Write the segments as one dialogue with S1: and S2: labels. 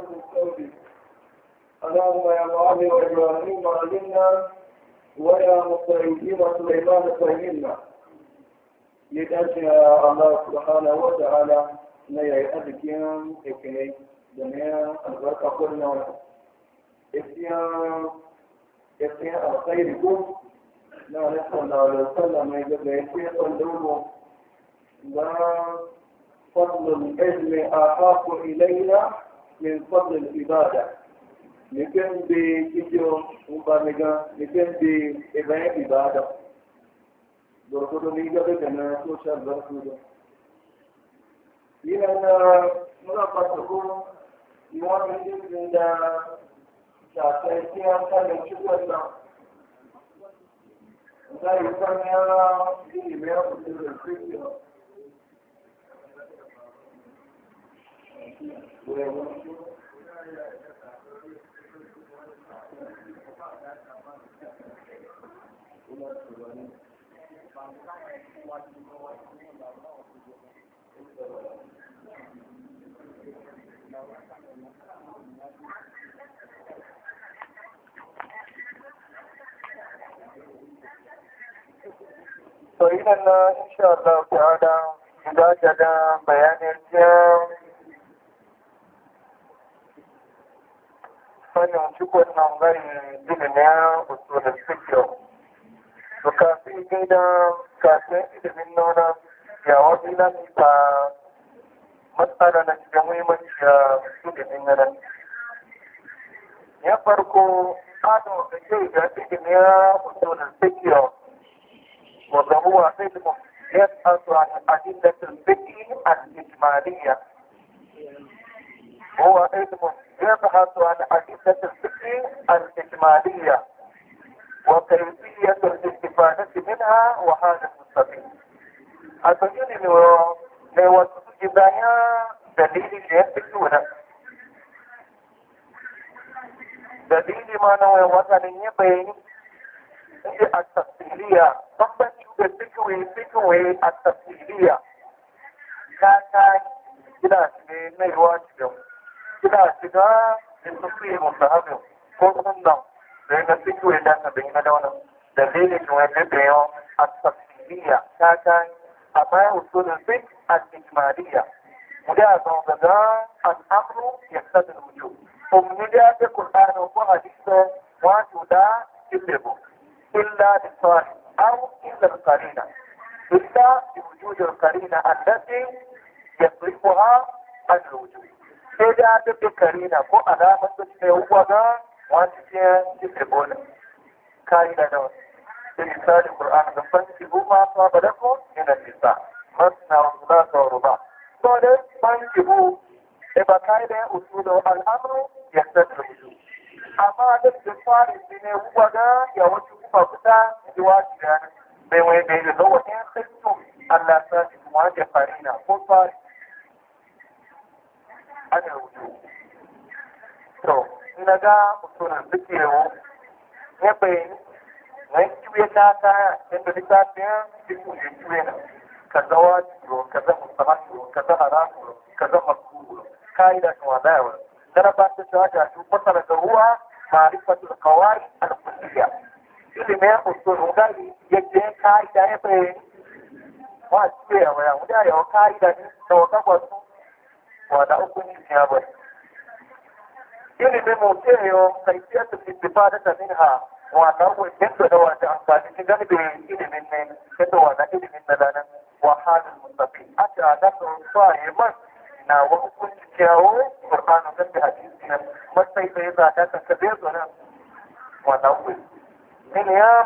S1: لهم التوبة اللهم يا معلم إبراهيم علمنا ويا مستعيدين سليمان فهمنا لتجد الله سبحانه وتعالى لا يأذكين إكني جميع البركة كلنا إكتيان إكتيان الخيركم لا نسأل الله عليه وسلم يجب أن يكون دومه فضل العلم أخاف إلينا من فضل العبادة لكن بكيجو مبارنغا نكن بإبعاد عبادة بركوتو نيجا بكنا سوشال بركوتو إلى أن يوان مؤمنين من شاكايتي أنت من شكوة da insanlara bilmeye kutluyoruz. Thank you. So, even uh, inshallah, we are down. You guys are down. Bayan is down. sanin duk wannan gari gini na usulun fikiyo to kafin gida kafin ilimin nuna ya wani nan ta matsala na cikin muhimmanci da ilimin nan ya farko kano da ke da ilimin ya usulun fikiyo wanda huwa ilimin يبحث عن أدلة الفقه الإجمالية هو علم يبحث عن حقيقة الفكر الإجمالية وكيفية الاستفادة منها وحالة المستفيد. أتجد لوسط بيان دليل يبتكونه dalili ma na wayan wasanin ya bayani shi a tafsiriya bambanci da fikiwe fikiwe a tafsiriya ta ta gida ne mai ruwa cikin suna shiga in sun fi mustahabin ko sunna da ga fito ya dace da ina da wannan dalilin da wani da yawa at-tafsiriyya ta ta amma usulul fiqh al-ijmaliyya وده ده الامر يقتضي الوجوب ومن ده القران وحديث واتو ده كله الا للصالح او الا القرينه الا بوجود القرينه التي يصرفها عن الوجوب sai da duk fi karina ko alamar da ta yi waga wani cikin cikin bola kayi da nawa da misali ƙur'an da fanci goma ta bada ko yana nisa masna wasu za su ruba so da fanci bu E, ba kayi da usulo al'amuru ya sattu su amma da su fari su ne waga ya wuce kuma kusa jiwa jiya bai wai bai da lokacin sattu Allah sa ji kuma da farina ko fari hana wuce to na ga mutumin duk yawo ya bayani na yi kiwe ta ta yadda littafin jikin ya kiwe na kaza wajiyo kaza musamman kaza haramu kaza makuru ka'ida kan wadayawar dara ba ta cewa ga o fasara da ruwa ma'rifatul qawari al-kulliyya ilimin usul gari yadda ka'ida ya bayani wa kiwe ya waya wuda ya ka'ida ne da wata wata uku ya bai ilimin mutum yau kai fiye da fitifa da tamin ha wata uku yadda da wata amfani shi gani da ne yadda wata na lanar wahalin musafi a ce a nan na wa kyawo kurbanin zan da hadisi nan matsayi da ya zata ta kabe zuwa ya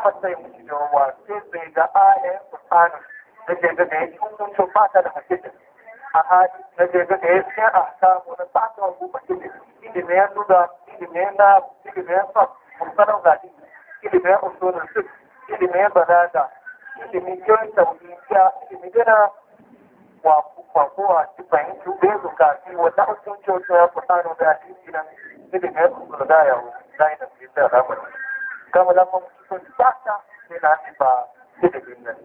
S1: matsayi wa ga da ke ya aha na daidaitar a samu na tsakon kuma ilimin ya nuna ilimin na ilimin ya sa musarar zaɗi ilimin ya usulun su ilimin ya balaga ilimin yin tauriya ilimin gina kwakowa ci fahimci bai zukaci wata hukunci wata ya fusano da aiki nan ilimin da yawo na yi da su da ramar kama lamar sun tsaka sai na ci ba ilimin nan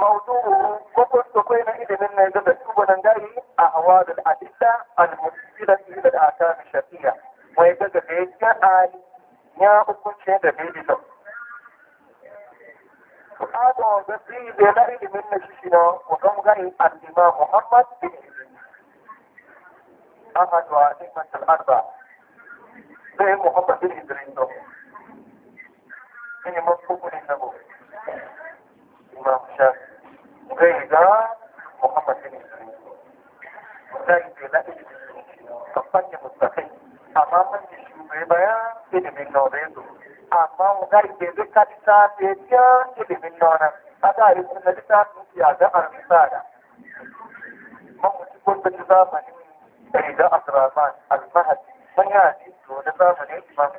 S1: موضوعه وقد تقينا إذا من يجب أن داري أعواد الأدلة المشكلة إلى الآثام الشرعية ويجب أن يجعل يا أكون شيء دليل هذا بسيط بلغي من نشيشنا وكم غير الإمام محمد بن أحد وأئمة الأربعة زي محمد بن إدريس من مصروف النبوي إمام الشافعي nonesu amma mu garke duk ka lissafi ya biya ilimin nonan kada yi kuma lissafin ya ga al-misala mun mutu kun da zamanin da Abdurrahman al-Mahdi mun yi hadisi da zamanin Imam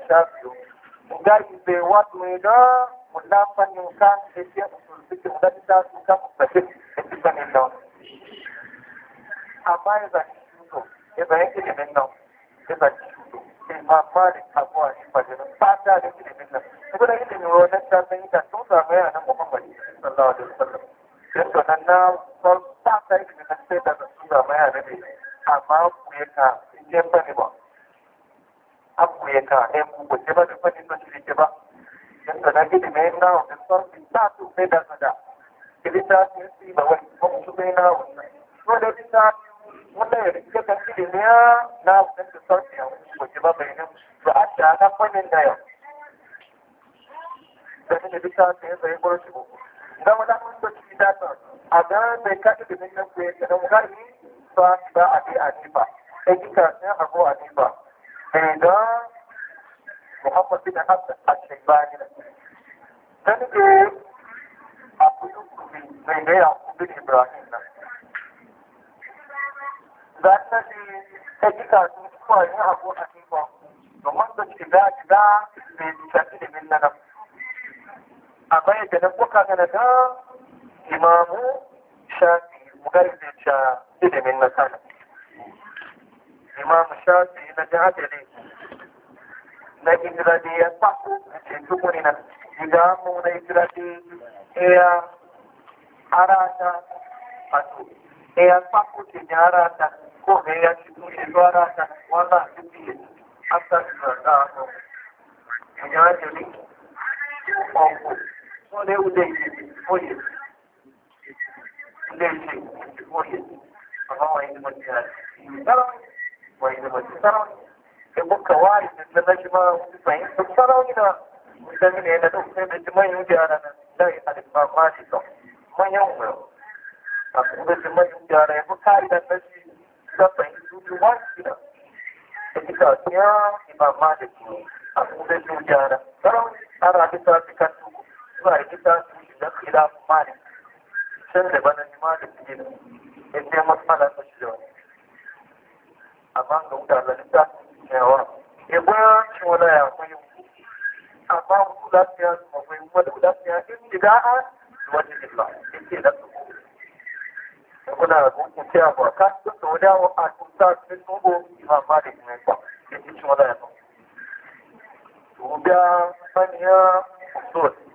S1: ta ya zai gwara shigo da mu damu da ci da ta a ga bai ka da ne kan ku ya gari ba ba a bi a ni ba sai kika sai a go a ba da eh, Muhammad bin ba ni? shaybani dan ke a kuyu mai da ya Ibrahim na da ta ce, sai kika sun kuwa ya go a ni ba domin da ci da da mai tafi da nan kuka yanavuka ta. imamu shafi da cha ilimin nasana imamu shafi na jihadili na indiradi ya paku nchini na mu na indiradi ya arata atu ya paku chenye arata ko ya chitushe kwa arata wala chitushe hata kwa arata Jihadili Mungu foi, foi, não wọ́n lé udé oyè ilé iṣẹ́ oyè ọ̀nà wọn ẹni mọ̀tí àti ìdára wọn ẹni o sára ẹgbọ́ kàwáì ìdílé o máa ń fẹ̀yìn tó sára wọn náà ìdájọ́ ni ẹ̀dá tó fẹ́ bẹ́ẹ̀ ti mọ́yìn oúnjẹ ara então àdìpá máa ṣe tán mọ́yìn òun rẹ̀ àkókò bẹ́ẹ̀ ti mọ́yìn oúnjẹ ara ẹgbọ́ káì ìdájọ́ sí lọ́pẹ̀yìn tó ti wá sí náà ẹ̀dí kàwáì ìbá máa ṣe tán àkókò bẹ́ẹ̀ ti oúnjẹ ara sára então ara àdìpá ti kàtí zuwa gida su yi na khilaf malik can da bana ni malik ne in dai matsala ta shi yau amma ga wuta da lita yawa e ba shi wala ya koyi amma mu da ya mu koyi mu da ya in diga a wani illa ke da su kuna gudun cewa ba ka su da wadawa a tuta sun nubo imam malik ne ba ya ci shi ya koyi. Rubiya saniya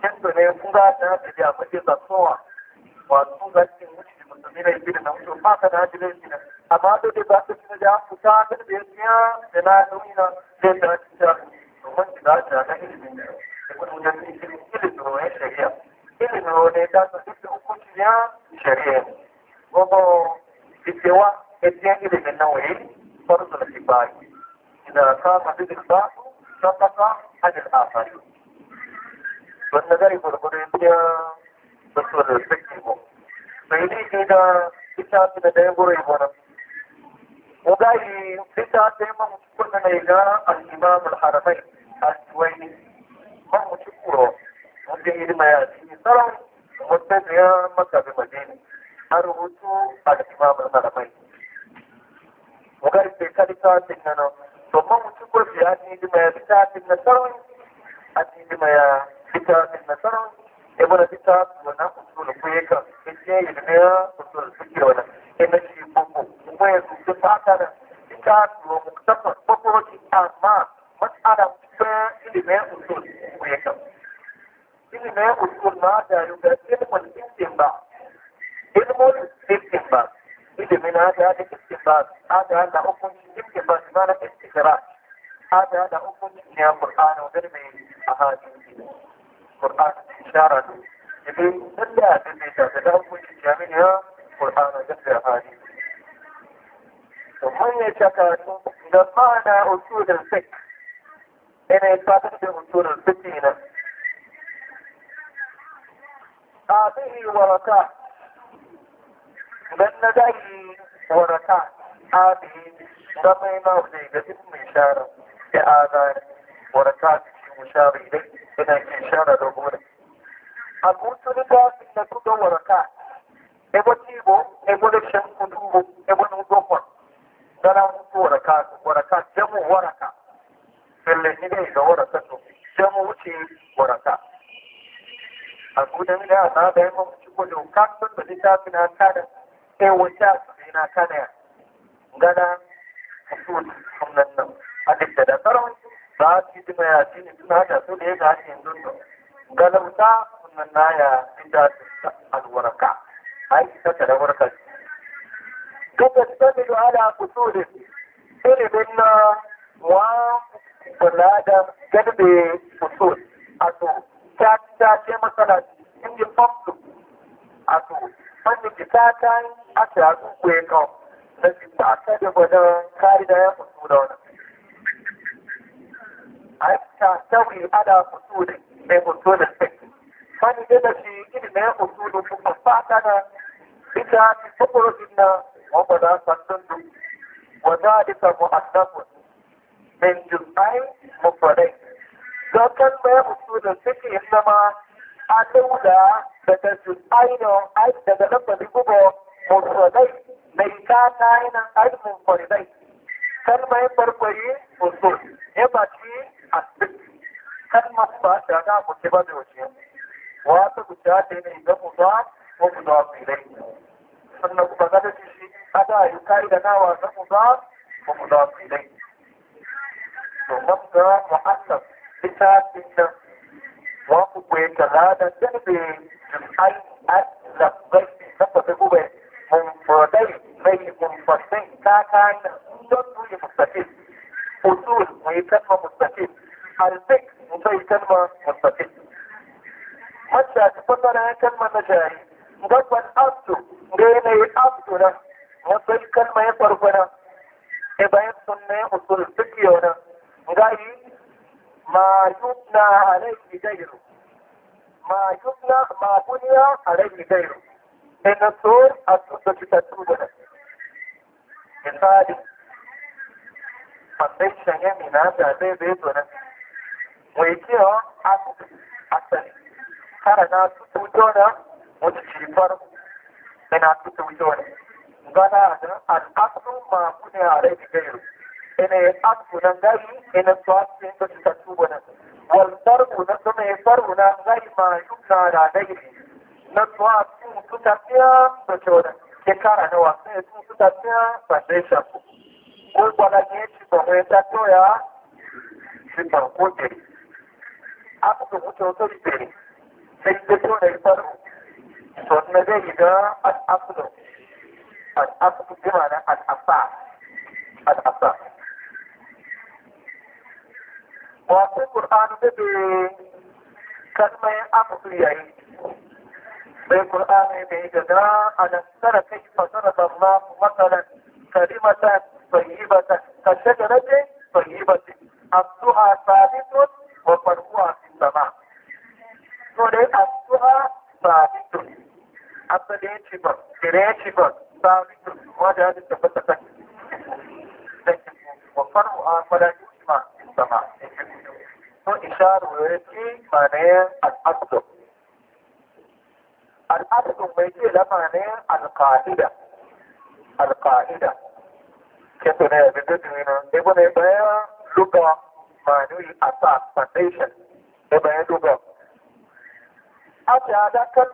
S1: Questo ne è fondata perché a partire da sua, quando vai in ultimo, non mi rende la mia fatta da direzione. A mano che va a finire da usare per dire che la nomina del tracciato. Non si dà da dire. E quando già si dice che non è seria. Ele não é dado isso o cotidiano seria. Como disse o ele é que não é, para o que vai. Ainda está fazendo isso, já está a desafio. والنظر gurgudu biya da su da suke mu sai dai ke da kita da da gure mu mu ga yi kita sai mun kunna ne ga al-imam al-haramain al-tuwaini mun mutu kuro mun da ilma ya ci saron mutum ya maka bi madina a rubutu al-imam al-haramain mu ga yi kita sai nan to mun mutu kuro ya ni yi ya ta tin na a tin ya littafin nasarar ya mana littafin wannan usul da ya kan ita ya da ya da suke wannan ina shi boko kuma ya zuke fata da littafin wa muktafa boko wace amma matsala ta ilimin usul ko ya ilimin usul ma da yuga ilimin istinba ilimin istinba ilimin hada da istinba hada da hukuncin istinba ma na istikrar hada da hukuncin ya Qur'ani a dalilin القرآن إشارة جبريل إلا الذي تتلون منها قرآن جبر هذه ثم يشكى لمعنى أصول الفكر أنا يتعرف أصول الفكر هنا هذه ورقات لأن لديه ورقات هذه لما ينوحي باسم إشارة في آذان ورقات يشار إليه هنا إشارة دبورة القرص لك إن تدور كا ebo tibo ebo da shan kudubo ebo nu dokon dara mutu waraka waraka jamu waraka lalle ni dai ga waraka to jamu wuce waraka a gudan da na da yamma mutu ko da kakton da littafin na kada sai wata na kada Gana mutu nan nan a duk da da ba shi ta ya ce ne tun haka da ya gani yin dutsu galauta sunan naya inda ta alwarka an yi ta tare warka ce gaba ta da ala ku so da su iri bin na wa sanada a to ta ta masana in yi a to an yi ta ta a ta kuwe kan da ta ta da gwada kari da ya fi da wani tattawi ana fusuri mai fusurin sai mani ne da shi iri na ya fusurin kuma fasa na ita ta fukurin na wanda za su sun du wanda a duka mu min jumai mafarai zaton na ya fusurin sai ke zama a dauda daga jumai na ai daga lambar gubo mafarai mai kata yana ai mafarai kalmar farkwari fusurin ya baci كلمة فاتحة مكتبة بوجهه واثق الشاهد إذا مضاف ومضاف إليه sannan kuma za ta shi da yi kai da nawa na mudaf ko mudaf ilai to wanda mu'allaf ita tinta wa ku ko ta lada dalbe al al-labbai tabbata ku bai mun fadai mai mun fasai ta kan don dole أصول وهي كلمة مستقيم الفكر وهي كلمة مستقيم حتى تفضل هي كلمة نجاح مجرد أبدو غير أبدو له وهي كلمة يطرفنا إبعاد سنة أصول فكيونا غير ما يبنى عليه غيره ما يبنى ما بني عليه غيره إن الصور أصول تتسودنا مثالي perfection ya mina da zai zai zonan wai kiyo asali kara na tutu jona wata cifar ina tutu jona gana da al'asu ma kune a rai gairu ina ya asu nan gari ina tuwasi yin ta tuta tuba nan na zama ya farbu na zai ma yuna da gairi na tuwasi tuta fiya da jona ke kara na wasu ya tuta fiya ba zai shafu Urbana gente correta toia, então conte. Apo que muito outro espere. Sem depois ele para o. Só me veja as apno. As apno que mana as apa. As apa. Wato Qur'an bebe kalma ya apno yayi. Bai Qur'an ne bai gada ala sara kaifa daraba Allah matalan kalimatan طيبة كشجرة طيبة أصلها ثابت وفرعها في السماء سورة أصلها ثابت أصلها شبر سورة شبر ثابت وجهة تفتتك وفرعها فلا يسمع في السماء तो इशार हुए कि माने अल-असल अल-असल में के माने अल-काहिरा translation daga ya duba. A ta da kan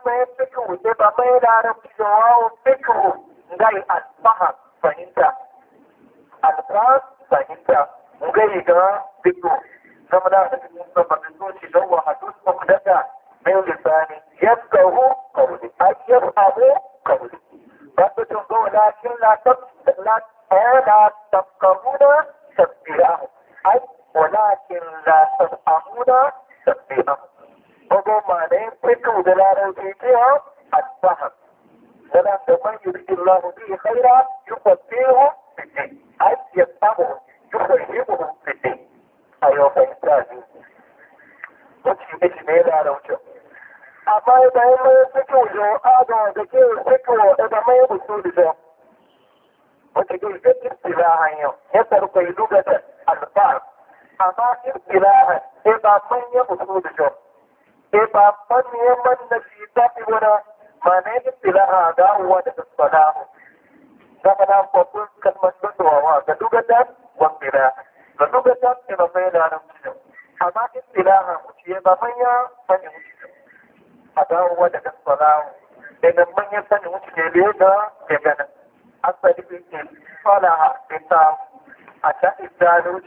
S1: ka dugata wa kira ka dugata ke ba mai da ran mutum amma in ilaha mutum ba manya sani a dawo wa daga salamu daga manya sani mutum ne da yadda ke ganin asali bin ke falaha ke samu a ta idanu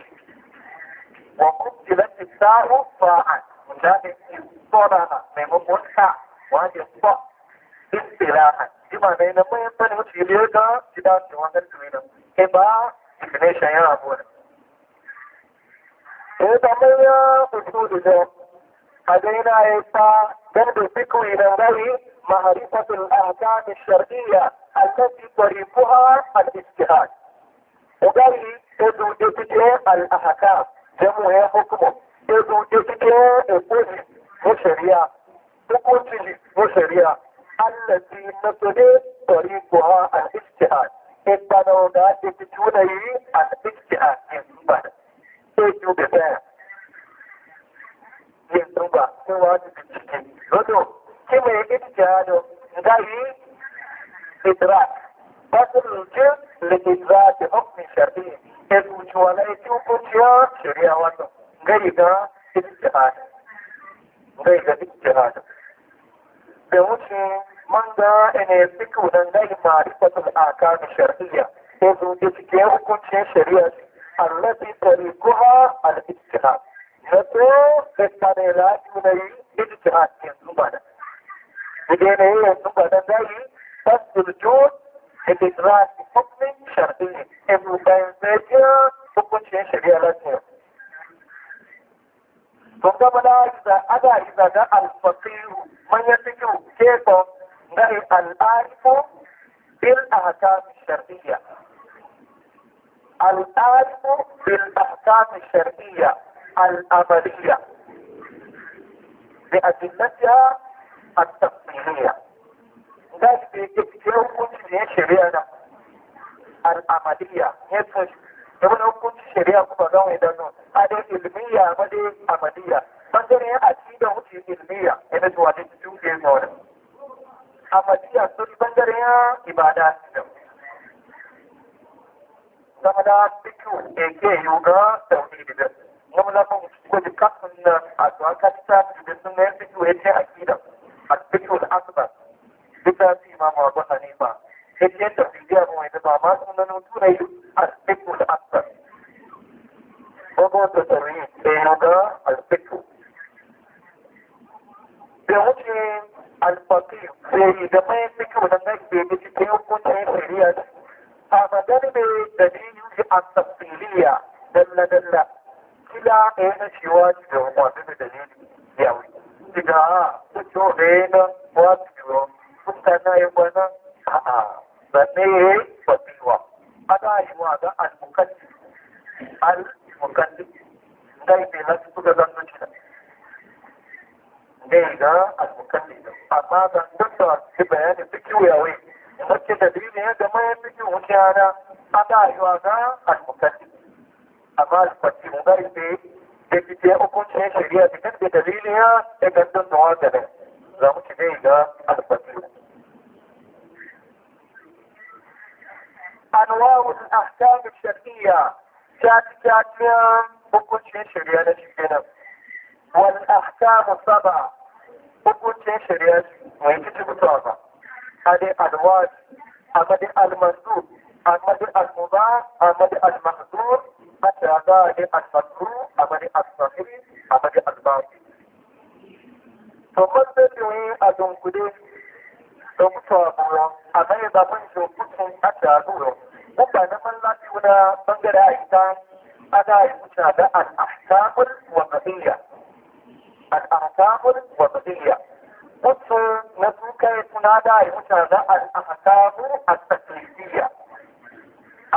S1: a, فقبل إذا أدى إذا دعا الفقير من يتكو كيف نهي نعم، العارف بالأحكام الشرعية العارف بالأحكام الشرعية العمليه بأدلتها التقنينية ذلك يتكو كل شريعة العملية هي da hukunci shari'a kuma zan wai danno a dai ilmiya ma dai amaliya bangare a ci da wuce ilmiya yana zuwa da cikin ke ma wani amaliya sun bangare ya ibada da zama da cikin ake yi ga tauhidi da zama da mun gwaji kafin na a zuwa kafita da sun na yin cikin ya ce akida a cikin asibar duk da su imamu abu hanifa Sentiendo que ya no hay mamá, no no tuve aspectos hasta. Vamos a servir de lugar al pecho. Da wuce alfafi sai da mai fiki wa ke da cikin hukuncin shari'a a magana ne da dini shi a tafsiliya dalla dalla kila na cewa ci da ya wuce. سميع فطيوة أدا يواغا المكدس المكدس داي بيلس تغزان نجد نيغا المكدس أما دندسة سبيان بكيوية وي Wacce da biyu ne da mayan miji wuce ana ana yi wa ga Amma mu ne da kike hukuncin shari'a da kan da daliliya da gandun da wanda ne. Za mu ci ne ga almukaddi. anwar al-ahkam al-shar'iyya ta ta hukuncin shari'a na shi kenan wal ahkam saba hukuncin shari'a mai kici mutuwa ba hadi anwar amadi al amadi al amadi al-mahdur hatta zadi al amadi al amadi al-batil to a dunkule don faruwa a bai ba mun zo kucin a taruro mutane na lafiya na bangare a ita ana yi wuce da al'ahkamul wa qadiyya al'ahkamul wa qadiyya wato na suka yi suna da yi wuce da al'ahkamu a taklifiyya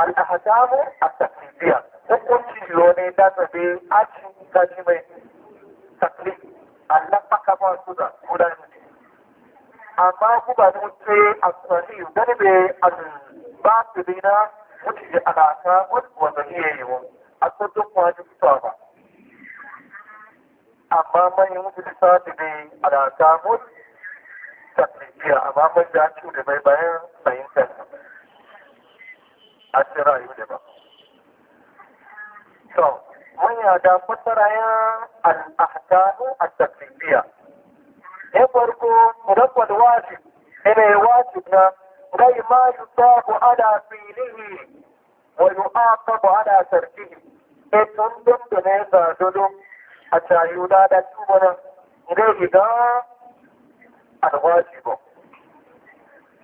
S1: al'ahkamu a taklifiyya hukunci ne da zabe a cikin gaji mai taklif Allah baka ba su da amma kuma mu ce a tsari wani bai al-batiri na mutu ya alaka wanda iya yi wa a kuma ji kusa ba amma mai mutu da sati bai alaka wani tafiya amma mai da ci da bai bayan fahimtar a ce rayu da ba so mun yada fasara ya a ahkanu tafiya na farko murabbal wajib ina yi wajib na gai ma ku ala filihi wa yu'aqabu ala tarkihi e tun dun dun ne ga dodo a tayuda da tubana gai ga al wajib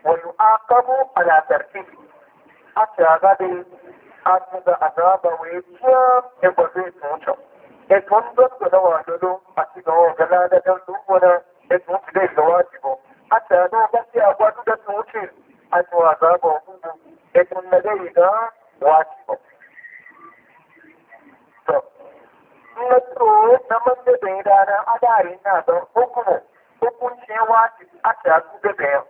S1: wa yu'aqabu ala tarkihi a tsaga dai an da a wai ciya e ba zai tun can e tun dun dun wa a cikin wa gala da dan dubana in wuce dai da wajibu hatta na gaske a gwadu da su wuce yi wa zaɓa hudu in mun na dai da wajibu. na manje da yi dana na don hukumu hukunci ya wajibu a ta gudu da yau.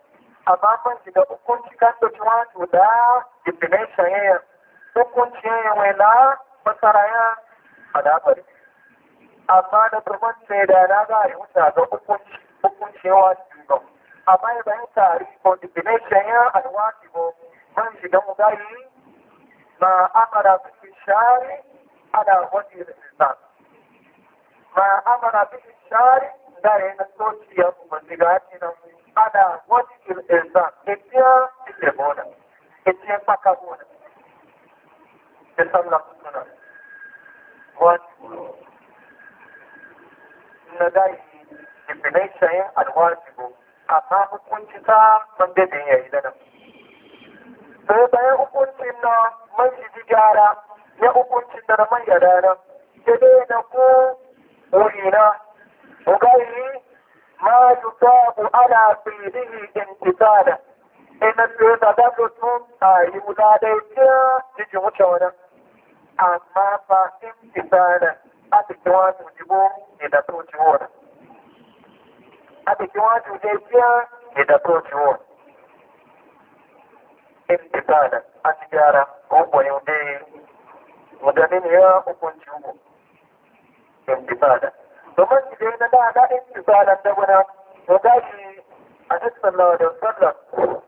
S1: Amma man ji da hukunci kan da ci wajibu da definition yau. Hukunci ya yi wela masara ya a dabari. Amma na turman ne da na gari wuta ga hukunci hukuncewar su A baya bayan tari tá condemnation ya alwaki ko ban shiga mu gari ma amara bi shari ala wajhi al-islam ma amara bi shari da ya na sociya kuma diga ina ala wajhi al-islam etiya ite bona etiya paka bona sallallahu alaihi wasallam é wa nadai bilaitayin alwajibu a ta hukunci ta bandabin ya yi nan. sai bayan hukuncin na man shi gyara ya hukuncin da na man ya rana ke dai na ku wurina ugayi ma yutabu ala fidihi intisada ina tsaye da za su a yi wuta dai ta cikin wuce wani amma fa intisada a cikin wani jibo ne da tsoci wani a abikiwaju jejia nidatochiwo imtitana atijara ko udeyi mudanini ya ukunci ubu imtitana domin idan na da na imtitana da ko gashi a sallallahu alaihi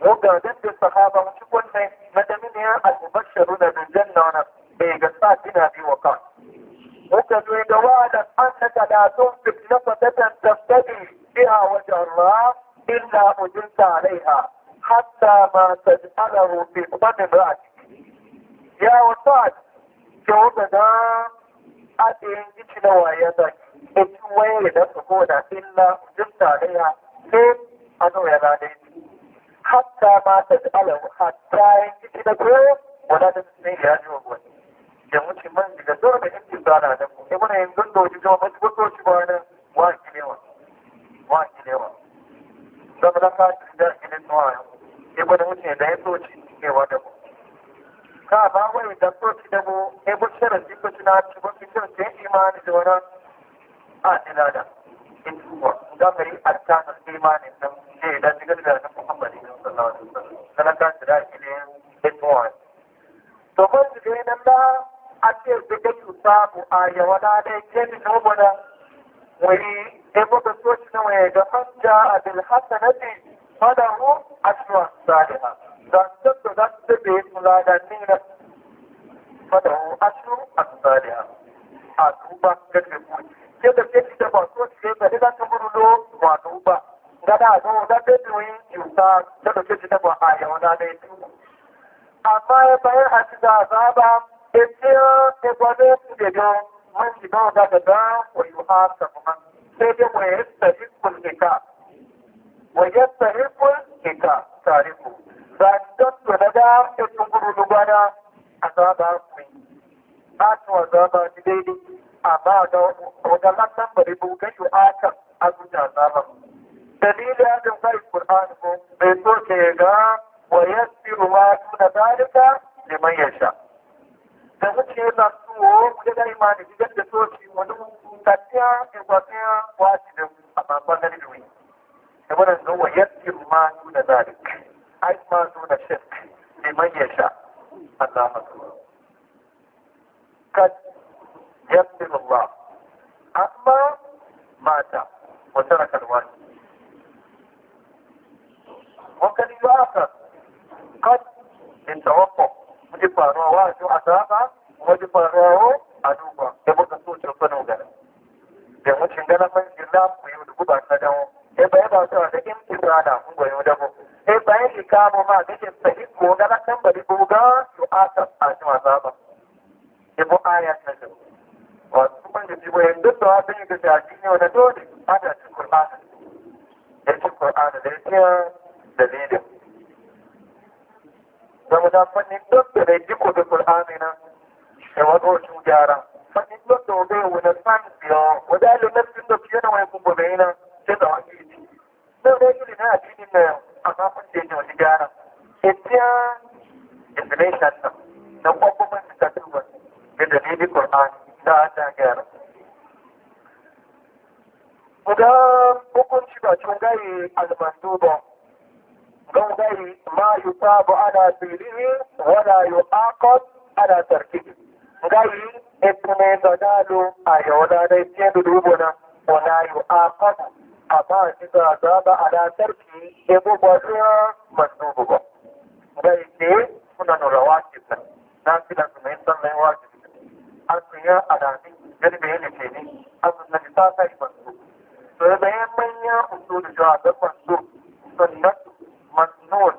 S1: Ko ga da sahaba mutum wannan madanini ya al da bil janna wana bai ga sa dina wa kan muka da wa'adan annaka la tunfik nafaqatan tabtadi biha wajha Allah illa ujirta alaiha hatta ma taj'alahu fi qadri ra'si ya wasat ke da jiki na da waye da ko da illa jin a ya hatta ma yin gici da ko ya ji മുസ്ലിംസിന്റെ ദുർബലം ചിന്താനാണ് ഇവിടെ എന്തും തോച്ചിച്ചോ മറ്റു തോച്ചിപ്പോയാണ് വാക്കിലേവ വാക്കിലേവ ഇവിടെ മുസ്ലിം തോച്ചിക്കേവാ ka ba wai da toci da mu e bu ji ko tuna ci ko ki tun sai imani da wannan a ina da in tuwa da bari attana imani da ne da diga da Muhammad sallallahu alaihi wasallam kana ka da ne in to ko ji nan da ake bide su samu a yawana ne jeni nomuna wani ebo da soci na wani da hanta a bil hasanati fadahu ashwa saliha da tattu da su be muladanni na fadahu ashwa saliha a tuba ga teku ke da ke da ba soci ke da da ta burulo wa tuba gada zo da be doyin kyuta da da ke da ba a yawana ne amma bayan a ci da zaba Ètíọ́ ẹgbọ́dé ìdènà wọ́n ti náà dáadáa òyìnbó ha sàkùnmá. Kéde wọ́n yẹ tẹ̀lé kùn nìka. Wọ́n yẹ tẹ̀lé kùn nìka tàrí kù. Bàtọ́ tó dáadáa ètò gbúrúdú gbádá àzáàbá kùn. Bá tún àzáàbá ti déédé. Àbá ọ̀dà látàn bẹ̀rẹ̀ bú gẹ́jù ákà azúta àzáàbá. Dalili adin bari Kur'an ko bai so ke ga wa yassiru ma duna dalika liman yasha. Ẹ̀wọ́kì lásán wo gẹ́gẹ́ ìmọ̀ àdìgbẹ́ jẹ́ tó ti wọ́n ní ìtàkíá ẹgbàkíá wá jìnà àbàbà lẹ́nu ìwé. Ẹgbọ́n ẹ̀sán wọ̀ yẹ́ kí máa ń dúnà láàrin. Àì máa ń dúnà ṣẹ́ẹ̀kì ní mọ́ yẹ̀ ṣá. Àlàmà. Kad yẹ́ kí lọ́wọ́. Àmọ́ مات وترك الوالد وكان يؤخر قد ان توقف mu ji faruwa a cikin asaba mu ji faruwa a duba da muka so cin fano gana da mu cin gana man gilla ku yi da guba na dawo e bai ba ta da in ki rana mun goyo da mu e bai ki ka mu ma da ke sai ko na kan bari ko ga su aka a cikin asaba e bo aya ta ce wa kuma da jibo yanda da wata ne da addini wa da dole a da cikin Qur'ani da cikin Qur'ani da yake dalilin da fannin don da bai jiko da Qur'ani nan da wato su gyara fannin don da bai wani san biyo wanda da nafsin da fiye da wani kuma bai nan sai da wani yi da da yi na addini na amma kun da wani gyara etiya definition nan na kwakwa kwakwaban da ta tuba da dalilin Qur'ani da ta gyara Kuda hukunci ba cin gaye almandu ba, gaugari ma yi sabu ana firini wana yi akon ana tarkini gari etune zanalu a yawon ranar tiyanu dubuna wana yi akon a ba shi zaza ba ana tarki ya bubuwa suna masu bubuwa gari ne suna nura wace ta na fila su mai sannan wace ta an su yi a dami gari mai yana ce ne an su nani ta kai masu bubuwa sai bayan manya usulu jihar da masu sannan masnun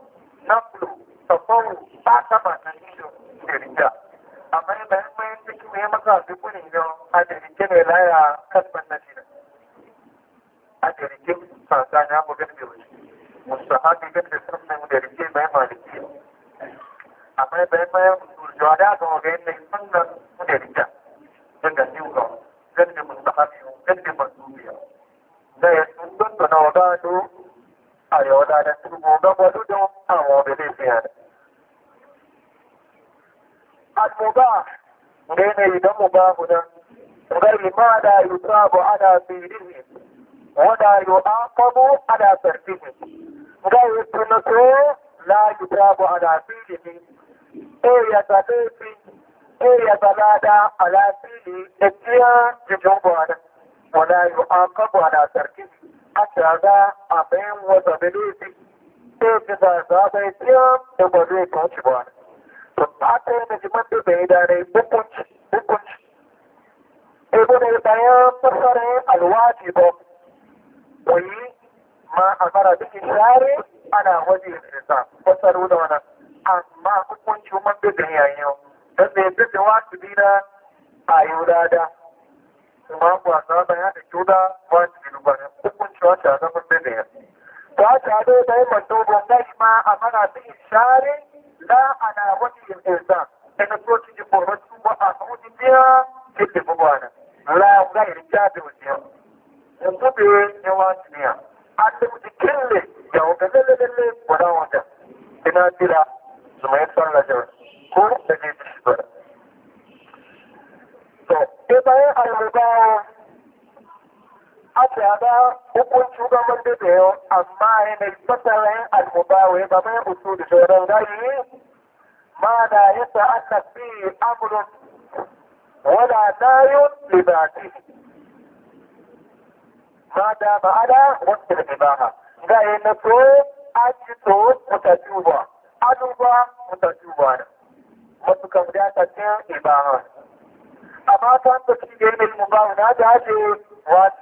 S1: naflu tafawu ba ta ba na nilo da rija amma ya bayan bayan ciki mai maka duk ne yau a da rike ne laya kan kalmar na nilo a da rike sasa na mu gani da wuce musta haɗe gani da sarfin mu da rike bayan maliki amma ya bayan bayan turjawa da aka waga yin da sunan mu da rija don da siyu ga gani da musta haɗe gani da masu biya da ya sun don tana waga àyẹ̀wò dáadáa tí gbogbo àwọn obìnrin da yanayi don mu ba mu nan, ƙarfi ma da yi sabo ana firihi, wada a ga abin wata bilifi sai ji da zaɓai tsiyar da ba zai kauce ba ne. To ba ta yi najimar da bai da ne bukunci bukunci. ba. ma a mara da share ana waje da nisa fasaru da wani. hukunci a kwasa bayan da kyuda wajibi cuaca na mutane cuaca ne da yi mandobo najma a mana su shari la ana wani ilza da ina so cikin boron su ba a samu jiya cikin bugwana la ga irja da wajen yanzu bai yawa duniya an da mutu kille da wata lalle guda wata ina jira su mai sallajar ko da ke ci ba to bayan aka ga hukunci ga wanda da yau amma yana fasarin al-mubawi ba mai usul da shauran gari ma da yasa aka fi amurin wala dayon libati ma da ba'ada wasu da ibaha ga yi na so a ci so mutajuba aduba mutajuba ne wasu kan da ta cin ibaha amma kan ta ci da yi mubawi na da ake wasu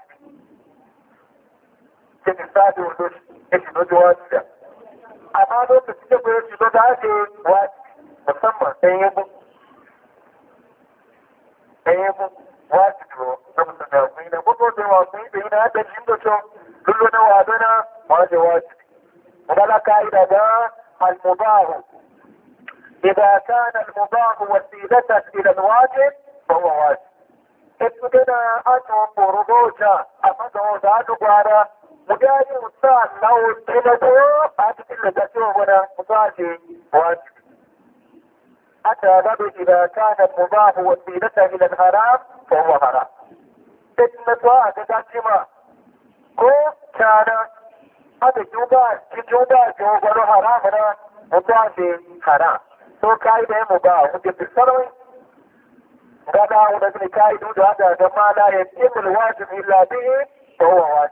S1: da misali wanda ya shiga da wasiya amma lokacin da ya shiga da ake wasi musamman ɗan yabo ɗan yabo wasi da musamman da kuma da gudu da wasu da yana da shi da shi lullu na wadana ma da wasi kuma na ka'ida da al-mubahu إذا كان المضاف وسيلة إلى الواجب فهو واجب. إذا أنهم برضوشا أمدهم ذات قارة مجاهد مستعد لو تلدوه فاتكلم تأتيه هنا مصاجي واجب أتى باب إذا كان المباح وسيلته إلى الحرام فهو حرام تتمة وعدتكما كو كان هذا جوبا جوبا جوبا له حرام هنا مصاجي حرام سو كايدة مباح وجب السروي قال أولا ابن كايد هذا ما لا يتم الواجب إلا به فهو واجب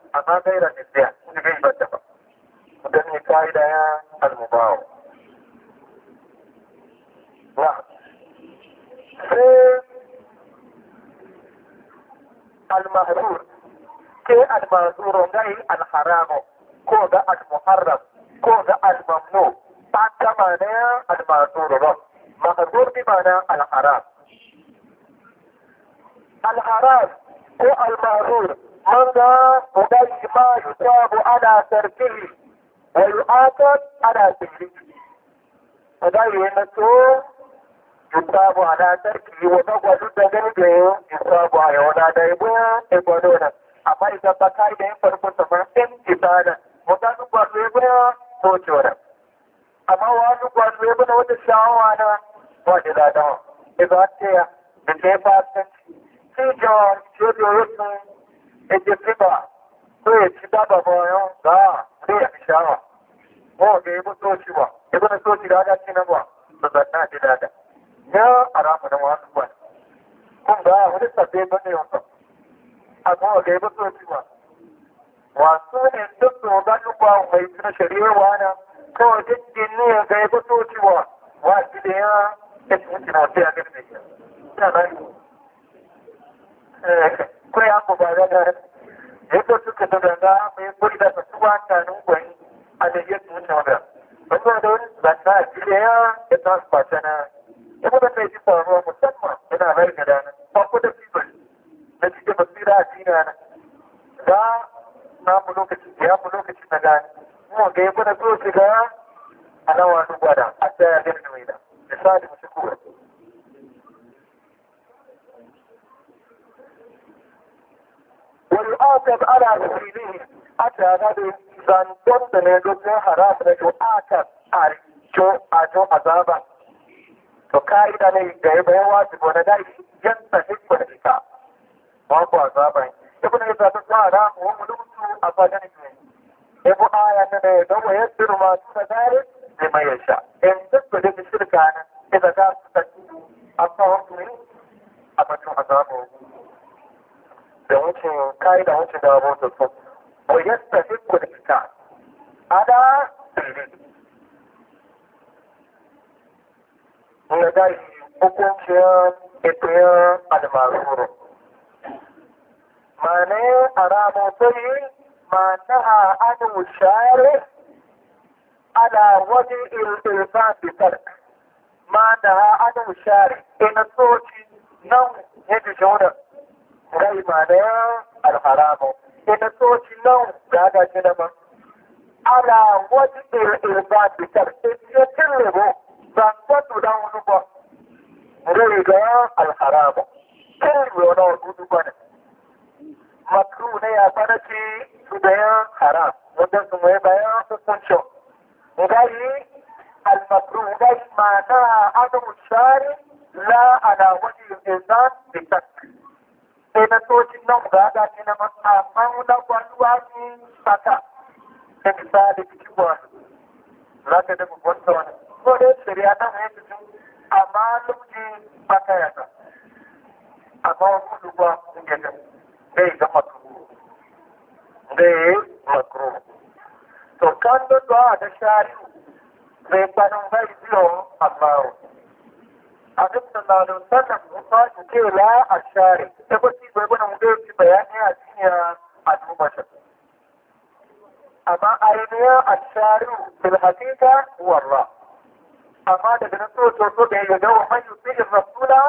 S1: amma gaira jiddiya shi bai banta ba dan ne kaida ya al-mubawu na sai al-mahrur ke al-mahrur ngai al-haramu ko ga al-muharram ko ga al-mamnu ba ta mana al-mahrur ba mahrur bi mana al-haram al-haram ko al-mahrur متى وذلك ما يثاب على تركه ويعاقب على سجده وذلك يمسه يثاب على تركه وذوق ضد ذنبه يثاب على ولا دايبه يقولون amma idan ba ka da yin farkon sa o in ibada wata dukwa su yabuna ko cewa amma wa dukwa su yabuna wata shawawa na wa da zadawa idan ta ya da ta yi fatan sai jawar ce da yau eje triba e e e ko ya ci daba bayan ba sai ya fi shawa ga yabo soci ba yabo na soci da ada ci ba ba na ya arafa da wasu ba kun ga ba a ga yabo ba ga yabo ba na da quiacobagara ekotsukedaganga mekolira katuwantanu gwe adeyetunoga ekwadon bannagireya etaskwatana saboda mai ji faruwa musamman yana rai da dana ba ku da fibir na cikin basira a dina na za na mu lokaci ya mu lokaci na gani mu ga yi kuna so shiga a nawa duk a tsaya gani mai da misali mu shi kuwa والآكد على رسيله أتى نبي زندون دنيدون حرام نجو آكد على جو أجو عذابا فكايدا نيجا يبقى واجب ونجاي جنة حكم نجيكا وابو عذابا ابن إذا تسارا ومدوث أفادني ابو آية نبيدو ويدر ما تسارا لما يشاء إن تسبب الشركة إذا كانت تسبب أفضل أفضل عذابه da wucin kai da wucin da bota su ko yasta fi kudita ada ne da hukuncin itiyan ma ne a ramu sai ma naha an share ala wani ilfan bitar ma naha an share ina soci nan yadda shaunar ga imana alharamu ina toci nan gaga jinama ala wajen irba bitar ya cin lebo ba kwatu da wani ba rai ga alharamu cin lebo na wani ba ne makru ne ya fara ci su bayan haram wanda su mai bayan hukuncin gari المكروه معناها عدم الشارع لا على وجه الإنسان بشك ẹ̀nà tó ti lọ́gbà dákí na àmọ́ lágbàlúwà ní pàtà ẹni bá lè fi kíwà gbogbo ọ̀tọ̀ wọn. Ó lè fèrè adáhùn ẹni tó àmọ́ ló ti pàtà yàtọ̀. Àmọ́ olùgbà ń gẹ̀gẹ̀ bẹ́ẹ̀ ìdámọ̀tò. Bẹ́ẹ̀ mọ̀kúrò. To kan ló lọ àdẹ́sáré
S2: rẹ̀ gbanú báyìí bí ọ̀.
S1: annabi sallallahu alaihi wasallam kuma ya ce la ashari tabbaci bai bana mu dai bayani a cikin al'umma amma ainihin ashari bil haqiqa warra amma daga nan so so so da ya ga wa man yusil rasula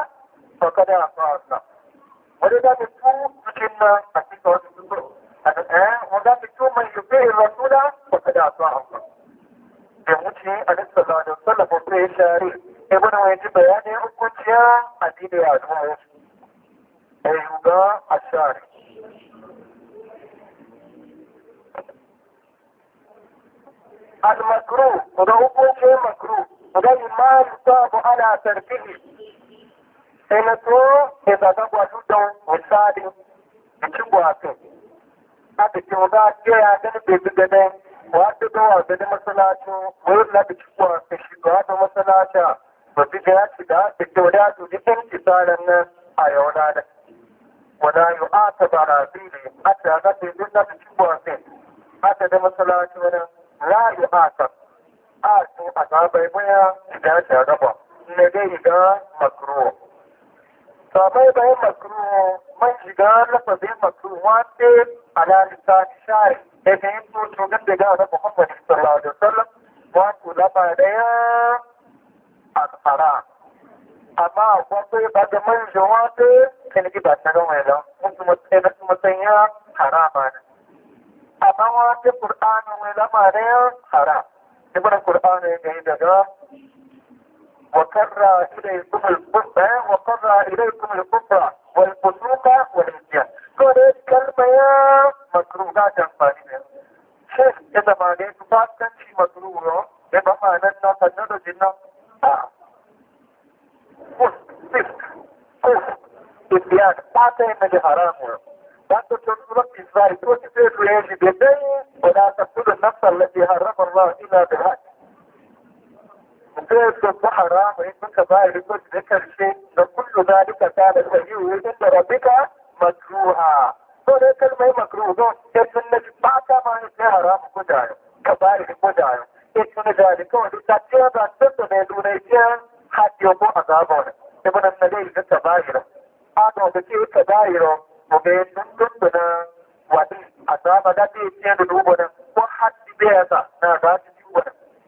S1: fa kada fa'ala wani da ta tu cikin a cikin wasu sun zo a da eh wanda ta tu man yusil rasula fa kada fa'ala da wuce a nasa zanen salafa da ya share ya mana wani ji hukunciya a dina ya zuwa da yuga a share المكروه وده hukunci makruh وده ما يصاب ana تركه sai to ya zaga gwatu don misali da ci gwatu a cikin za a ce ya gani bai bi wata ta wasa da masalacin wurin na da cikuwa ta shiga da masalaca ba fi ga ya da da ke wada su ji ɗan kisaran nan a yau na da wada yi a ta bara bili a ta ga ta yi na da cikuwa ta a ta da masalacin wani na yi a ta a su a ta bai baya shiga ta gaba na dai ga makro sabai bayan makru man shiga lafazin makru wanda ala lisan shari da ta yin to da ga Muhammad sallallahu alaihi wasallam wato lafa daya al-haram amma akwai ba da man jawa ta kan ki ba ta ga mai da sai da kuma sanya harama ne amma qur'ani mai lafa daya haram qur'ani ne daga وكرى إليكم القبة وقرى إليكم الكفة والفسوق والعصيان كل كلمة لا أنفانية شيخ إذا ما بعد كان شي مكروه إذا ما لنا فنر جنا إبيان فاتن من الحرام وأنت تنظر في إسرائيل وتفيد رياجي بدين ولا تقتل النفس التي حرم الله إلا بالحق وكيف تصبح حرام وإن كبائر الكفر ذكر شيء فكل ذلك كان سيئه عند ربك مكروها to dai kalmai makruh don sai sun na ba ta ma ne sai haramu ko da yau ka ba ni ko da yau sai sun da ni kawai duk ta ce ba ta da ne duna ce ha ke ko a ga ba ne ibn an-nabi da ta ba shi a ga da ke ta ba shi mu ga dun dun da wani azaba da ke ce da dubo ko haddi bai ya na ga shi dubo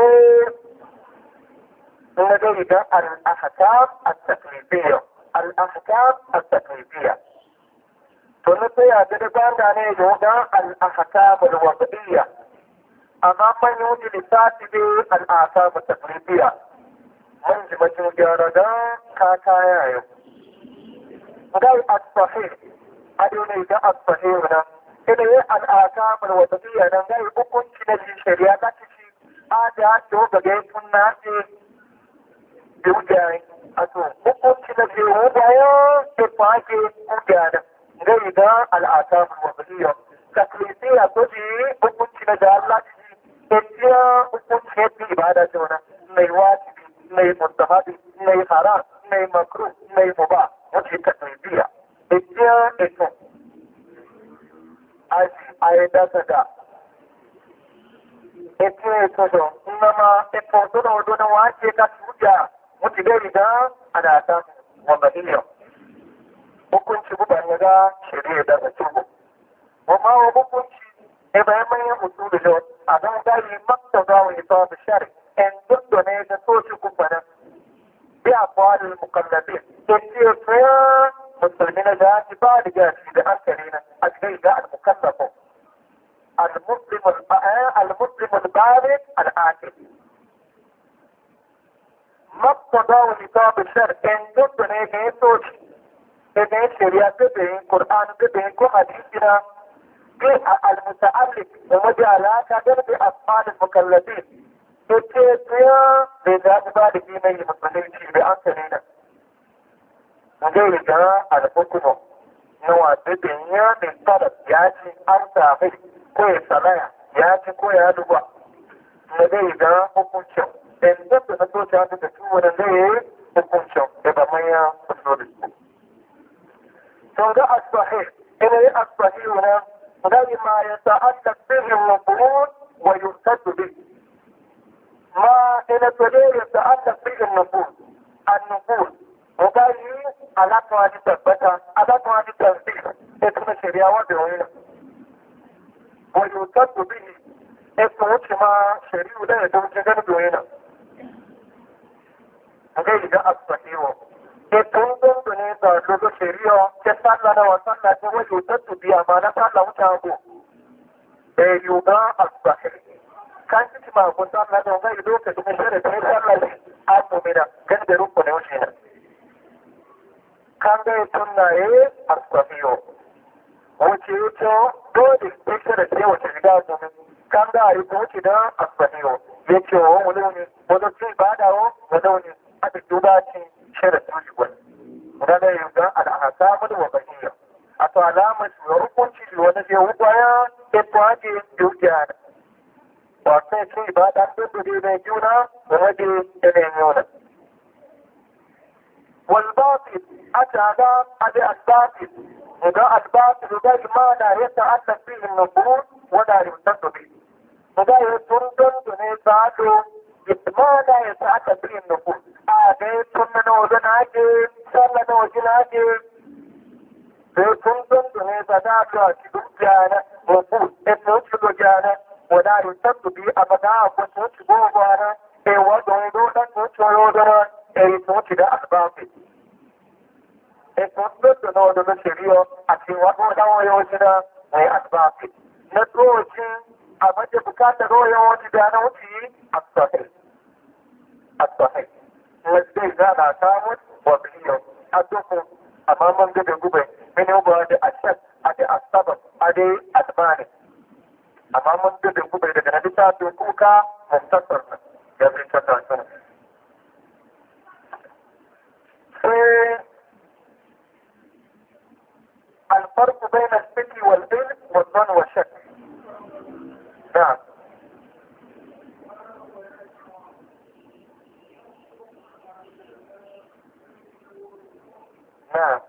S1: الدكتور لديه ذلك الأحكام التقليدية الأحكام التقليدية فنطيع جدبان عليه هنا الأحكام الوضعية أما من يوجد لساتي الأحكام التقليدية من جمجو جاردا كاكايا يوم غير الصحيح أدوني ده الصحيح هنا إذا الأحكام الوضعية نغير أكون كنا في شريعة ada to ga dai kunna ce duka a to hukunci na ce mu ya ce fake kuka da gari da al'ata mu wasiya taklisiya ko ji hukunci na da Allah ci tafiya hukunci ya ibada ce wannan mai wajibi mai mustahabi mai haram mai makru mai mubah wace taklisiya tafiya ito a yi dasa da ekyo okudo nnama epondonoondono wanteeka tuja mutigeriga anaata wabaliyo bukunci bubanyaga shari'a da ta tubu amma wa bukunci e bayan manyan hudu da a nan gari makta za wa isa da shari en duk da ne da soci kumbanin bi musulmi na gaji ba da gaji da hankali a cikin المسلم المسلم البارد العاقل مقتضى نصاب الشر ان جد نے گئے سوچ ان شریعت دے قرآن دے کو حدیث دینا کہ المتعلق ومجھے علاقہ دے بأطفال المكلفين اتنے بذات بعد کی نہیں مطلب چیز بے آنکھ نہیں نا مجھے لکھا الحکم نوع دے دنیا نے طلب یاچی انتا ko ya tsanaya ya ci ko ya duba na zai ga hukuncin in eh, da na so ta da su wani zai yi hukuncin daga manya usulun su. To da asahi yi asahi wani zai ma ya ta'adda bihin mabu'un wa yurtaddu bi. Ma ina tole ya ta'adda bihin mabu'un annubun mugayi alaƙa wani tabbata alaƙa wani tasiri ita na shari'a wanda wani ويرتد به اسمه ما شريع لا يدوم جنب وينا غير ده الصحيح يتوبون بني تاكوز شريع كسال لنا وصلنا جوا يرتد بي أمانة الله تعبو يوبا الصحيح كان كما كنت أنا لو غير دوك تمشي تمشي الله أبو منا كان بيروح بني وشينا كان بيتنا إيه الصحيح wuce wuce dole ya ce da ke wace riga domin kan da yi wuce da asbaniyo ya ce wa wani wani wani ci ba da wa wani wani a da duba ce shirin tuli wani wani da yin gan al'asa mani wa bahiyya a to alamar shi hukunci shi wani zai wuce ya ke kwaje dukiya wato ce ba da dubbure mai juna da waje da mai yuna. والباطل أتى على الباطل daga asibati daga ma da yadda allah fi yin nufu wadda rimta daga yi tun dandu ne yin nufu a da yi tun na wajen ake sallah na wajen ake da kun tun ne ba da su a cikin jana nufu in mun ko go jana wadda rimta su a bada a kun sun ci go gwana e wadda wani dodon mun ci wani wadda da asibati ingantattu na wani shari'a a cewa ko dan waya wani da mai asbabi na doci a mace bukatar waya wani da na wuce asbabi asbabi wadda za na samun wabiyo a dukkan amma man gudun gubai mini ba da ashab a asaba a da albani amma mun daga na bisa to kuka muftasar ya fi tattasar الفرق بين الفكر والعلم والظن والشك نعم نعم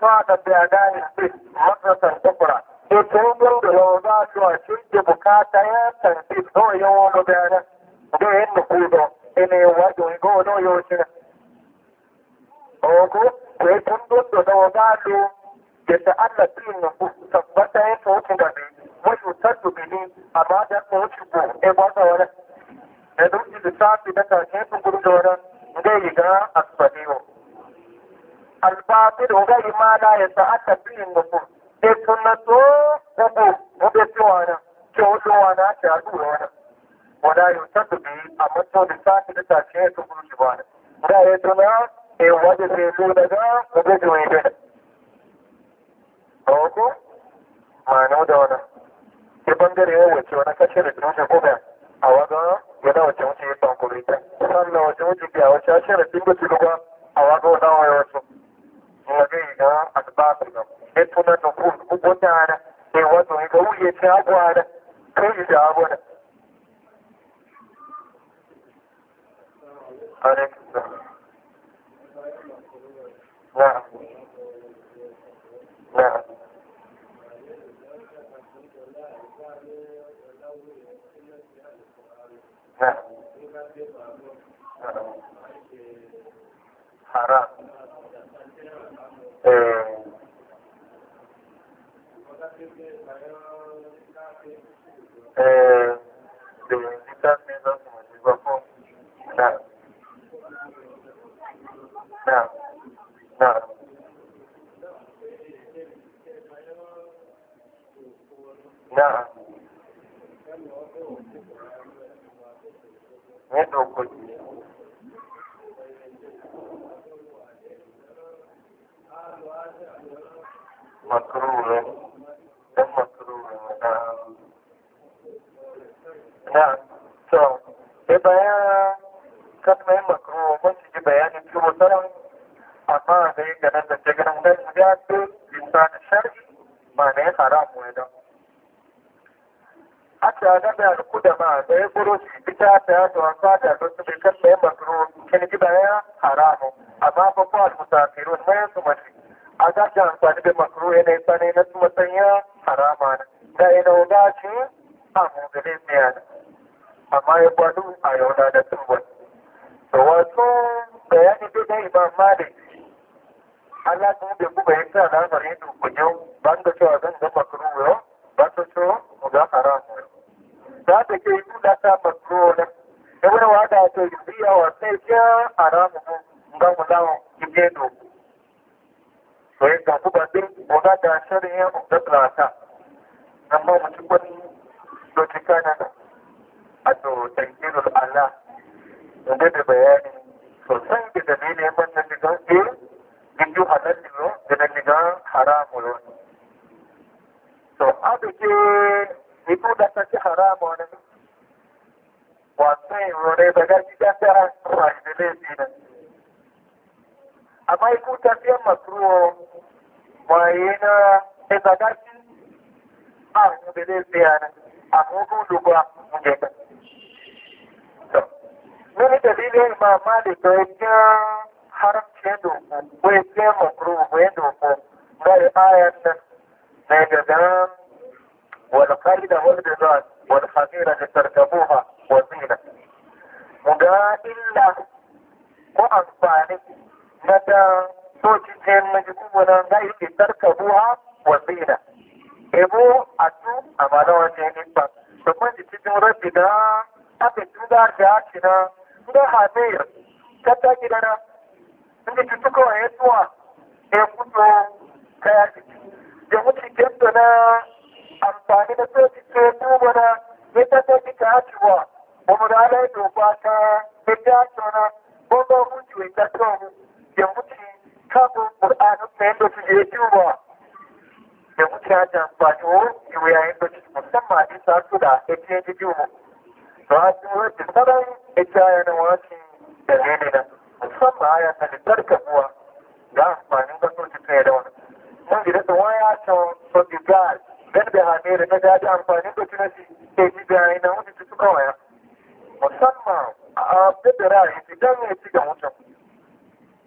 S1: فاضت بأداء السجن مرة أخرى يتوبوا بالوضع وشد بكاتا تنسيب هو يوم da بين نقوده إن يوجه يقولوا يوشنا Ogo, sai kun dundu da wadatu da ta'allafin na tabbata ya sauki gabe, mashutar dubini a ba da wuce ko e gwada wani. Da duk lissafi na tashe sun gudu da wani zai yi ga asfaliyo. albatir o ga imana ya sa aka tuni musu ke tunan to gugu gube ce wani ke wuce wani ake a dura wani wada yi ta tubi a mato da sati da tashi ya tubi shi ba ne da ya tuna ke wadda ke so daga gube ce wani gina ɗauko ma'ana da wani ke bangare ya wace wani kashe da tushe kuma ga a waga yana wace wuce ya tankuri ta sannan wace wuce biya wace a shirin bimbi tulu ba a waga wata wani wasu لدينا الباطنة يتنا نفوذ قبوتانا يوضو يقوية شابوانا كي شابوانا عليك السلام نعم نعم نعم حرام Na'am. Na'am. مكروه ده مكروه نعم نعم تو يبقى يا كلمة مكروه مش بيان في مثلا أما زي كلام ده تجرم ده حاجات لسان الشرعي معناه حرام وده Aka gada da kudama da ya guro shi bita ta ya zuwa fata don su bai kan da ya kini gida ya haramu, amma ba kwa al-musafirun mai su a ga ta amfani da makru yana yi tsane na matsayin harama da yana wuda ce a mugalin miya amma ya gwado a yauna da tuba da wasu bayani da na imam malik Allah kuma bai kuma yi sa lamarin dukkunyau ban da cewa zan ga makru yau ba su so mu ga haramu za ta ke yi nuna ta makru na yawon da ta yi biya wa sai ya haramu ga mu zama ibe doku ga ku ba din ona da sharin ya da plata amma mutum ba do tikana da ato tankirul ala inda da bayani sosai da dalilin wannan da ga ke eh, din ju halal ne da nan ga haram to abu ke ito da ta haram ne wato ne da ga ta haram ne ne amaikuta matuo mwayena ezagati akubelezeyana akuguluka mugenda nini dalilin ma malik da ya haramce doku ko ya ce makuru ko ya doku ga ayan nan na gaza wal farida wal bizat wal khamira da tarkabuha wa zina mu ga illa ko amfani mata soci ce maji kumuna na yi fitar wa wasina ebo a tu a mana wace ne ba da kuma ji cikin rabi da haka tuga da haka ci na na hamir kata gida na inda ci tuka wa yadda ya kuto ta ci da mutu gento na amfani da soci ce kumuna ya ta gida ta ci wa ba mu da alayi doba ta ya ta tona ko ba mu ci wa ta tona Kapa Qur'anin mai yadda su je duba da mutane amfani wo yiwu yayin da su musamman a isa su da ake ji dubu ba su wajen sarai ita yana wasu da nene na musamman a yana da tarkabuwa ga amfanin gasar su kai da wani mun gida da waya ta sobi gas gan da hane da na daji amfanin da tuna shi ke ji da yana wuce su a federal idan ya ci da mutum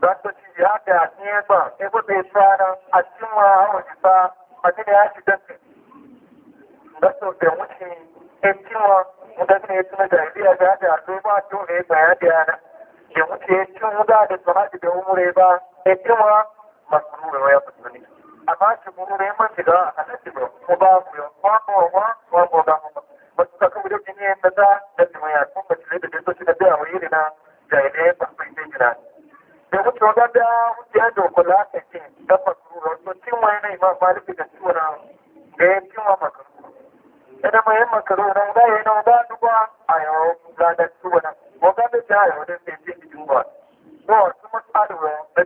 S1: Zato shi haka ya ba, ya gwada ya a cikin wa wani ba, a gina ya shi dafi. da wuce, ya ciwa, wanda gina ya tuna jariya ga haka ya ɗaya ba, to ne ba ya ɗaya na. Ya wuce ya cin wuda da tsamaji da umure ba, ya ciwa, masu nuna ya fito ne. Amma shi mu ne man shiga a halatta ba, ko ba ku yau, kwa ko wa, kwa ko ba ba. na jariya ya domin to da da ya da kula ta ce da makruha to cin wani ne ma malik da tsura da ya cin wa makruha idan mai makruha nan da yana da duba a yau da da tsura wa da ya yau da ke cin duba to kuma tsaro da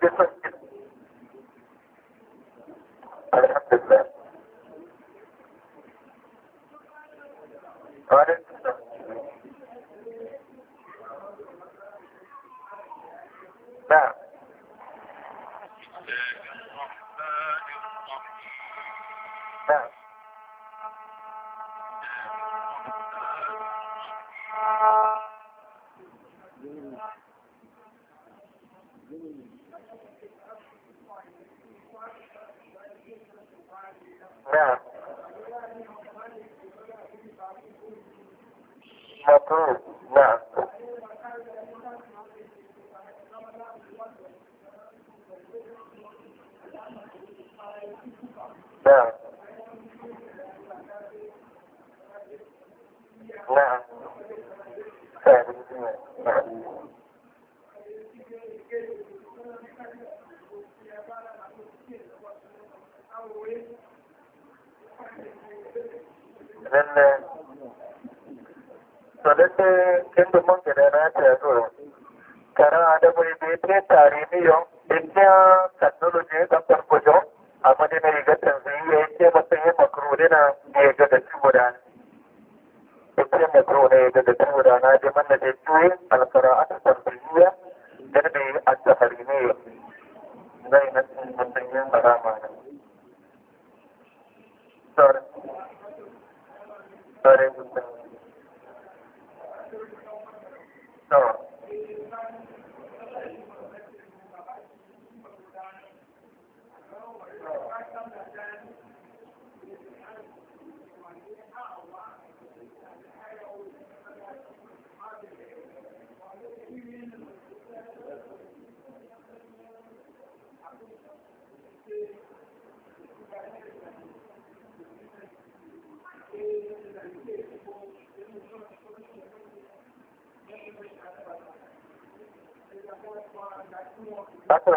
S1: Akwai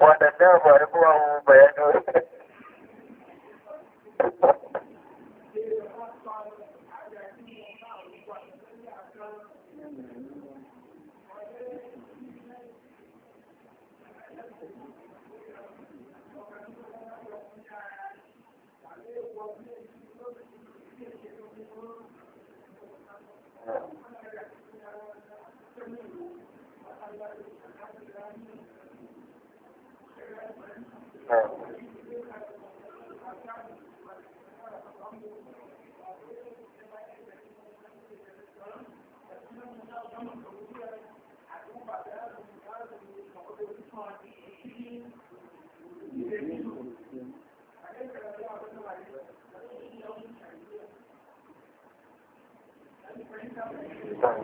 S1: waɗannan ba da kowa bayanin 嗯。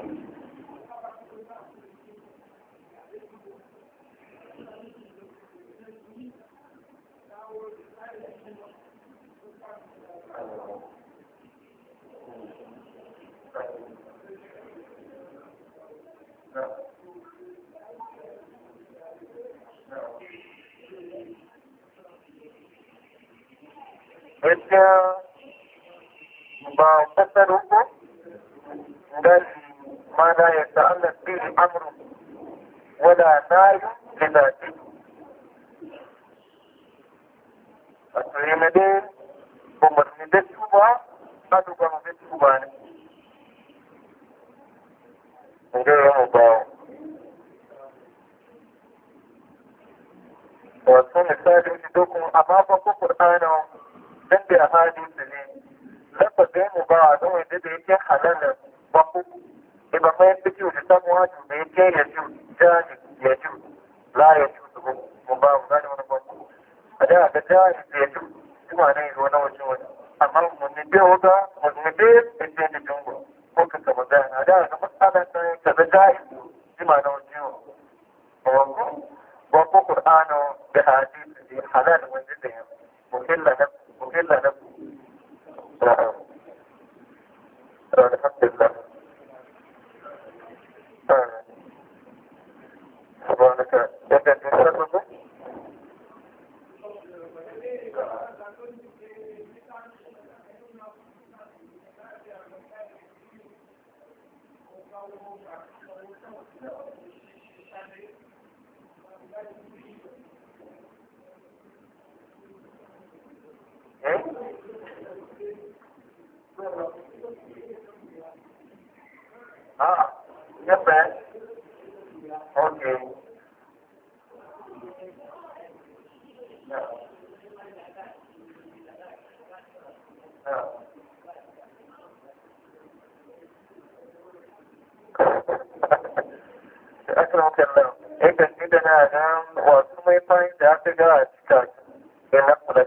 S1: 嗯。wadda ba kasar ko dan ma da ya ta'allaq bi amru wala nahi li dhati asali ne dai umarni da su ba a duba da su ba ne ga yawan Ba wasu misali ne dokun a mafa ko don da hadisi ne lafazin mu ba a don wanda da yake halalar baku iba mai fiki da samu hajji da yake ya ju jani ya ju la ya ju su mu ba mu gani wani baku a da ga jani ya ju kuma ne zo na wajen wani amma mu ne bai wata mu ne bai da da jungo ko ka kama da a da ga matsalar da ka da jani jima na wajen wani baku Qur'ano da hadisi da halal wanda da yake mutum da وكل نفسي نعم الحمد لله سبحانك لك الإنسان منه Thank you. Japan. Okay. No. was somewhere find after God, because they left for the